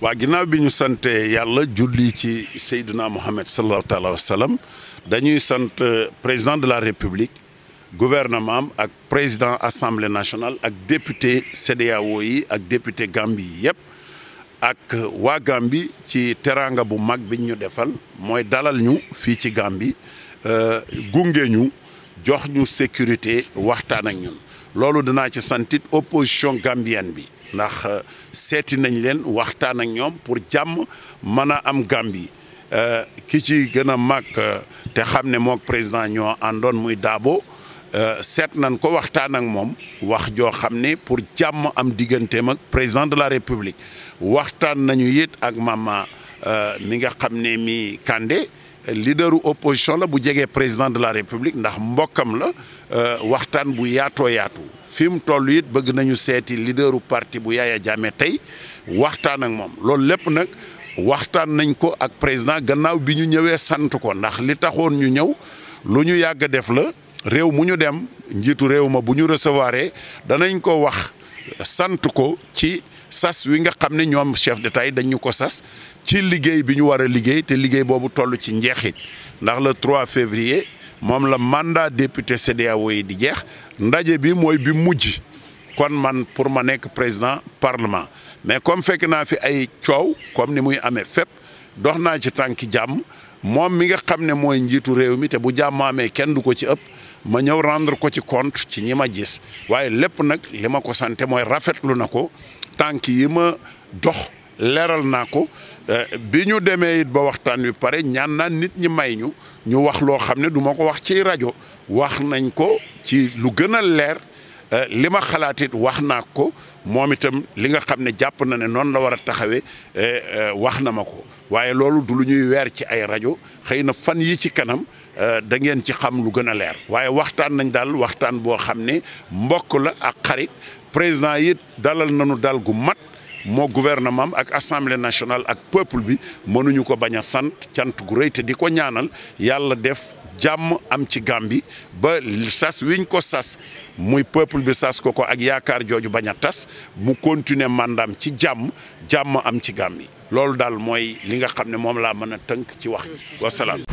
waa ginnaaw bi ñu sante yàlla julli ci Seydina Mohamed sallallahu taala wa dañuy sant euh, président de la république gouvernement am ak président assemblée nationale ak député CEDEAO yi ak député Gambie yi yëpp ak waa Gambie ci teraanga bu mag biñ ñu defal mooy dalal ñu fii ci Gambie euh, gunge ñu jox ñu sécurité waxtaan ak ñun. loolu danaa ci santit opposition gambienne bi ndax euh, seeti nañ leen waxtaan ak ñoom pour jàmm mën a am Gambie euh, ki ci gën a mag euh, te xam ne mook président ñoo àndoon muy Dabo seet nañ ko waxtaan ak moom wax joo xam ne pour jàmm am diggante mag président de la république waxtaan nañu it ak mama mi nga xam ne mi kande leaderu opposition la bu jegee président de la république ndax mbokkam la euh, waxtaan bu yaatoo yaatu fi mu toll it bëgg nañu seeti leaderu parti bu Yaya Jammeh tey waxtaan ak moom loolu lépp nag waxtaan nañ ko ak président gannaaw bi ñu ñëwee sant ko ndax li taxoon ñu ñëw lu ñu yàgg def la réew mu ñu dem njiitu réew ma bu ñu recevoir danañ ko wax sant ko ci. sas wi nga xam ne ñoom chef d'état yi dañu ko sas ci liggéey bi ñu war liggéey te liggéey boobu toll ci njeexit ndax le 3 février moom la mandat député CEDEAO yi di jeex ndaje bi mooy bi mujj kon man pour ma nekk président parlement mais comme fekk naa fi ay coow comme ni muy amee fépp dox naa ci tànki jàmm moom mi nga xam ne mooy njiitu réew mi te bu jàmm amee kenn du ko ci ëpp ma ñëw rendre ko ci compte ci ñi ma gis waaye lépp nag li ma ko sante mooy rafetlu na ko tànk yi ma dox leeral naa ko eh, bi ñu demee it ba waxtaan wi pare ñaan naan nit ñi may ñu ñu wax loo xam ne duma ko wax ci rajo wax nañ ko ci lu gën a leer Euh, li ma xalaatit wax naa ko moom itam li nga xam ne jàpp na ne noonu la war a taxawee euh, euh, wax na ma ko waaye loolu du lu ñuy weer ci ay rajo xëy na fan yi ci kanam da ngeen ci xam lu gën a leer waaye waxtaan nañ daal waxtaan boo xam ne mbokk la ak xarit président yi dalal nañu daal gu mat moo gouvernement ak assemblée nationale ak peuple bi mënuñu ko bañ a sant cant gu rëy te di ko ñaanal yàlla def jàmm am ci Gàmbi ba sas wiñ ko sas muy peuple bi sas ko ko ak yaakaar jooju bañ a tas mu continuer mandam ci jàmm jàmm am ci Gàmbi loolu daal mooy li nga xam ne moom laa mën a tënk ci wax wasalaam